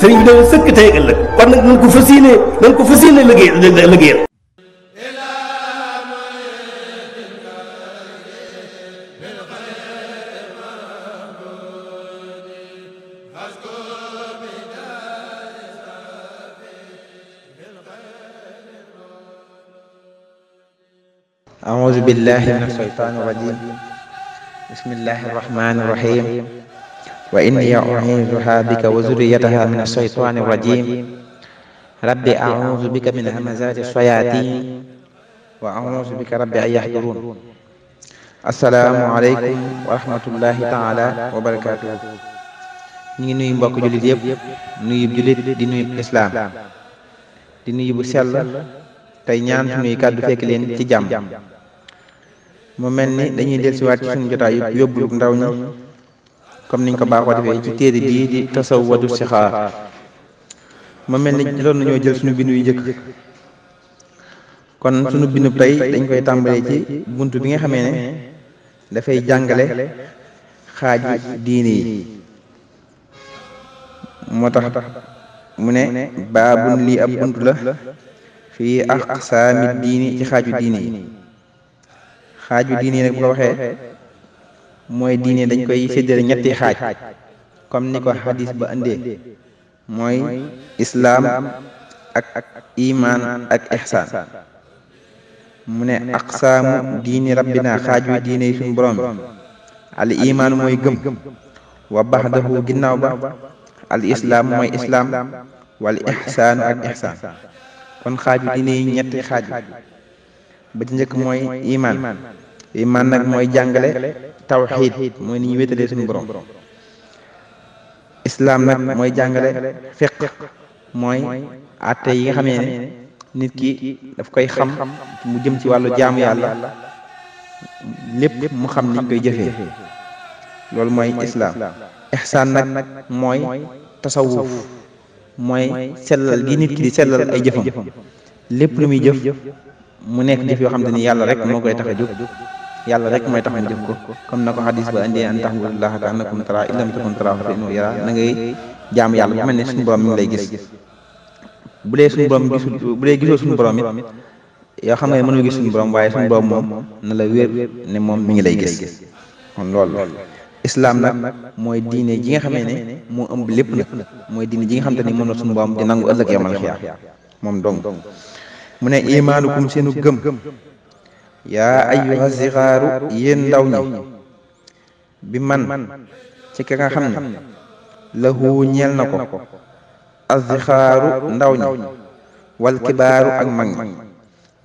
sëriñ bi dana sëkk tey ëllëg kon nag nañ ko fas yéene nañ ko fas yéene liggéey liggéeyal أعوذ بالله من الشيطان الرجيم بسم الله الرحمن الرحيم wa inni u'iizuhaa bika wa zurriyyatahaa mina ash-shaytaani rajiim rabbi a'uuzu bika min hamazaati shayaatiin wa a'uuzu bika rabbi an yahduruun assalaamu aleykum wa rahmatullaahi ta'aalaa wa barakaatuh ñu ngi nuyu mbokk jullit yëpp di nuyu islaam di nuyu bu sell tey ñaan suñuy kàddu fekk leen ci jàmm mu mel ni dañuy dellusiwaat ci suñu jotaay yóbbul ndaw ñi comme niñ ko baaxoo defee ci téere bii di tasawwadu sixaar ma mel ni doon nañoo jël suñu bindu yu jëkk kon suñu bindu tey dañ koy tàmbalee ci bunt bi nga xamee ne dafay jàngale xaaji diine yi moo tax mu ne baabun lii ab bunt la fii aqsaami diini ci xaaju diine yi xaaju diine yi nag bu ko waxee mooy diine dañ koy séddale ñetti xaaj comme ni ko xadis ba indee mooy islaam ak ak imaan ak ixsaan mu ne aqsaamu diini rabbina xaaj wi diine yi suñu borom bi al imaan mooy gëm wa baxdahu ginnaaw ba al islaam mooy islaam ak ixsaan kon xaaj wi diine yi ñetti xaaj ba ci mooy imaan imaan nag mooy jàngale tawxiid mooy ni ñuy wéetalee suñu borom islaam nag mooy jàngale fiq mooy atte yi nga xamee ne nit ki daf koy xam mu jëm ci wàllu jaamu yàlla lépp mu xam niñ koy jëfee loolu mooy islaam ixsaan nag mooy tasawuf mooy sellal gi nit ki di sellal ay jëfam lépp lu muy jëf mu nekk jëf yoo xam te ni yàlla rek moo koy tax a jóg yàlla rek mooy tax ñu jëf ko comme na ko xadis ba indee an ta'budallaha ka annakum taraa in lam takun taraahu fa innahu yaraa na ngay mi ngi lay gis bu dee suñu borom gisul bu dee gisoo suñu borom it yoo xam nga mënul gis suñu borom waaye suñu borom na la wér ne moom mi ngi lay gis kon nag mooy diine ji nga xamee ne moo ëmb lépp nag mooy diine ji nga xam te ni moom la suñu borom di nangu ëllëg yomal xiyaam moom dong mu ne imaanukum seenu gëm yaa ayyuha sixaaru yéen ndaw ñi bi man ci ka nga xam ne lahu ñeel na ko azixaaru ndaw ñi wal kibaaru ak mag ñi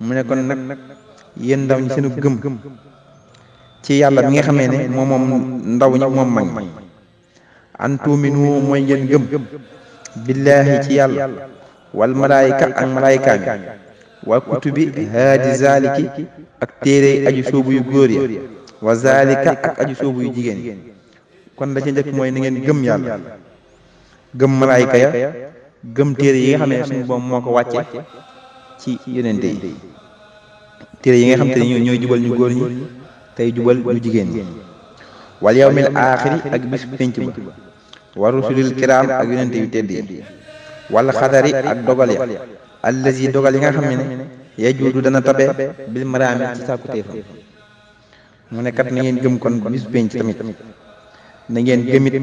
mu ne kon nag yéen ndaw ñi seenu gëm ci yàlla mi nga xamee ne moom moom ndaw ñi moom mag ñi an tuuminu mooy ngeen gëm billaahi ci yàlla wal malaayika ak malaayikaami wa kutubi haadi zaliki ak téere aju soobu yu góor ya wa zalika ak aju soobu yu jigéen yi kon da ca njëkk mooy na ngeen gëm yàlla gëm malaayka ya gëm téere yi nga xam ne suñu boom moo ko wàcce ci yonente yi téere yi nga xam te ne ñooy jubal ñu góor ñi tey jubal ñu jigéen ñi wal yawmil aaxiri ak bis pénc ba wa rusulil kiraam ak yonente yu tedd yi wala xadari ak dogal ya allazi dogal yi nga xam ne ne yajuudu dana tabe bil maraami ci sàkku téefam mu nekkat kat na ngeen gëm kon bis penc tamit na ngeen gëmit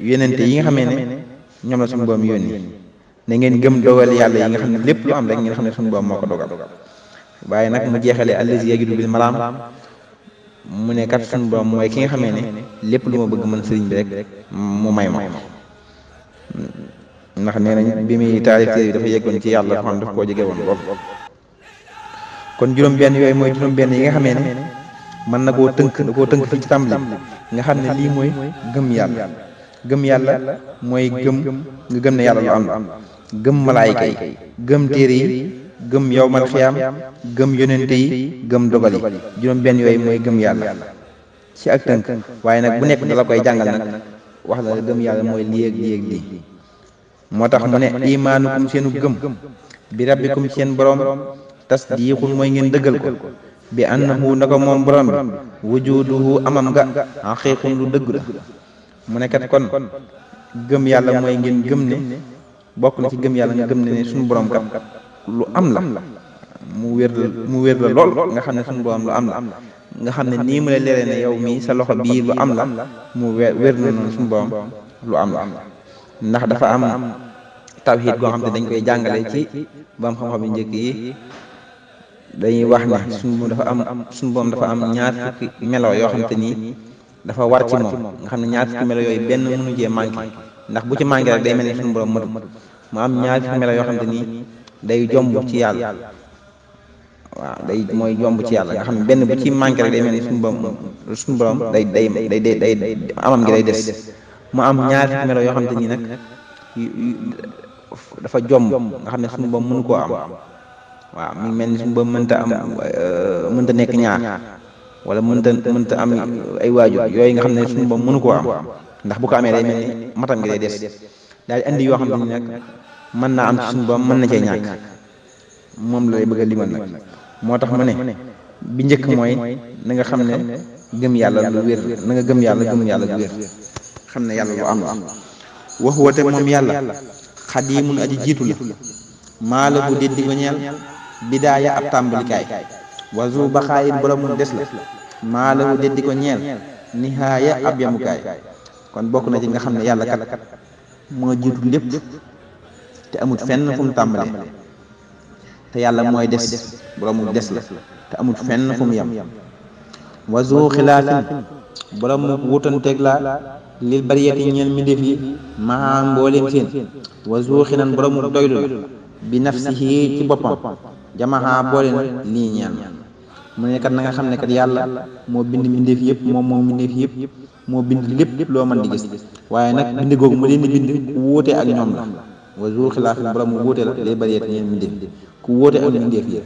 yonente yi nga xamee ne ñoom la suñu boom yónni na ngeen gëm dogal yàlla yi nga xam ne lépp lu am rek ngeen xam ne suñu boom moo ko dogal waaye nag mu jeexalee allazi yajuudu bil maraam mu nekkat kat boom mooy ki nga xamee ne lépp lu ma bëgg mën sëriñ bi rek mu may ma ndax nee nañ bi muy taalif téere bi dafa yeggoon ci yàlla foo xam daf koo jege woon lool kon juróom-benn yooyu mooy juróom-benn yi nga xamee ne mën na koo tënk na koo tënk fii ci tàmbali nga xam ne lii mooy gëm yàlla gëm yàlla mooy gëm nga gëm ne yàlla lu am gëm malaayka yi gëm téere yi gëm yowmal xiyaam gëm yonente yi gëm dogal yi juróom-benn yooyu mooy gëm yàlla ci ak tënk waaye nag bu nekk da la koy jàngal nag wax la gëm yàlla mooy lii ak lii moo tax mu ne imaanukum seenu gëm bi rabbikum seen borom tasdiixun mooy ngeen dëggal ko bi annahu na ko moom borom bi wujuduhu amam nga xaqiiqun lu dëgg la mu ne kat kon gëm yàlla mooy ngeen gëm ne bokk na ci gëm yàlla nga gëm ne suñu borom kat lu am la mu wér la mu wér la lool nga xam ne suñu borom lu am la nga xam ne nii mu la leeree ne yow mii sa loxo bii lu am la mu wér na noonu suñu borom lu am la ndax dafa am tawhid goo xam ne dañ koy jàngale ci boom xam-xam yu njëkk yi dañuy wax na suñu moom dafa am suñu boom dafa am ñaar fukki melo yoo xam te nii dafa war ci moom nga xam ne ñaar fukki melo yooyu benn mënu jee manqué ndax bu ci manqué rek day mel ni suñu borom matu mu am ñaar fukki melo yoo xam te nii day jomb ci yàlla waaw day mooy jomb ci yàlla nga xam ne benn bu ci manqué rek day mel ni suñu borom suñu borom day day day day day amam gi day des mu am ñaar fukki melo yoo xam te nii nag dafa jomb nga xam ne suñu boom mënu koo am waaw mi ngi mel ni suñu boom mënta am euh, mënta nekk ñaar wala mënta mënta am ay waajur yooyu nga xam ne suñu boom mënu koo am ndax bu ko amee day mel ni matam gi day des daal di andi yoo xam ne nag mën naa am ci man boom mën na moom ñàkk moom lay bëgg a limal nag moo tax mu ne bi njëkk mooy na nga xam ne gëm yàlla lu wér na nga gëm yàlla gëm yàlla lu wér xam ne yàlla lu am la wax woote moom yàlla xadiimun aji jiitu la maa la bu déddi ko ñeel bidaaya ab tàmbalikaay wazu baxaayin boromu des la maa la bu déddi ko ñeel nihaaya ab yamukaay kon bokk na ci nga xam ne yàlla kat moo jiitu lépp te amut fenn fu mu te yàlla mooy des boromu des la te amut fenn fu mu yem wazu xilaafin borom mu wutanteeg laa lil bariyati ñeen mi def yi maa mbooleem seen wa zuuxinan borom mu doylu la bi nafsihi ci boppam jamaha boole na lii ñeen mu ne kat na nga xam ne kat yàlla moo bind mindeef yëpp moom moom mbindeef yëpp moo bind lépp loo mën di gis waaye nag bind googu mu leen di bind wuute ak ñoom la wa zu xilaaf borom mu wuute la lay bariyeet ñeen mbindeef ku wuute ak mbindeef yi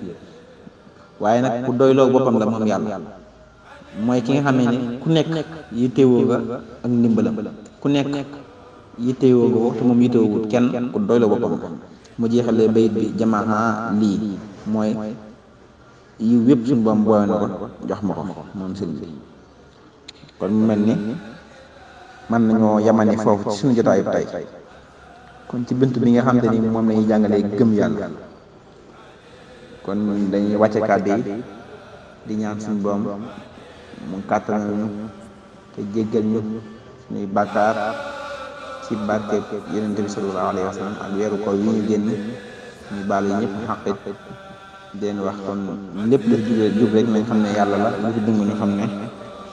waaye nag ku doyloo boppam la moom yàlla mooy ki nga xam ne ku nekk yittewoo nga ak ndimbalam ku nekk yittewoo nga waxtu moom yittewoowut kenn ku doy la boppam mu jeexalee bayit bi jamaa lii mooy yiw yëpp suñu boom booy na ko jox ma ko moom sëriñ bi kon mu mel ni mën nañoo yamani foofu ci suñu jotaayu tey kon ci bint bi nga xam te ni moom lañuy jàngalee gëm yàlla kon dañuy wàcce kàddu yi di ñaan suñu boom mu kàttanal ñu te jéggal ñu suñuy bàkkaar ci barkeb yonent bi sallallahu alayhi wa sallam ak weeru ñu génn ñu baalu ñëpp xaqit den wax kon lépp lu jub rek xam ne yàlla la lu fi dëng ñu xam ne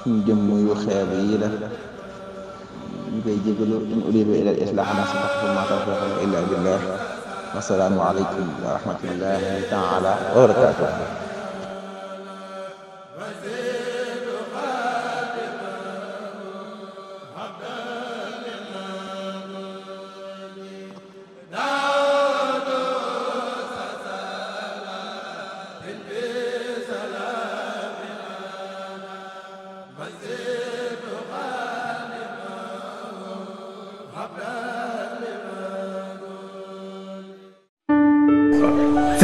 suñu jëm muy xeeb yi la ñu koy jégalu in uridu ila al islah ma sabaxtu ma tawfiqi illa billah wasalaamu aleykum wa rahmatullahi taala wa barakatuh